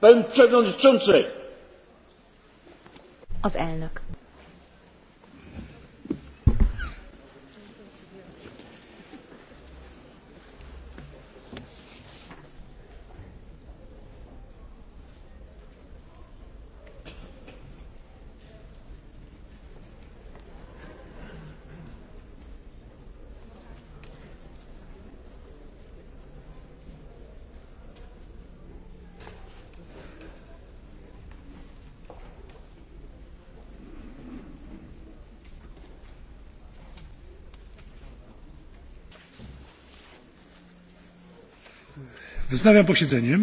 Az elnök. Wznawiam posiedzenie.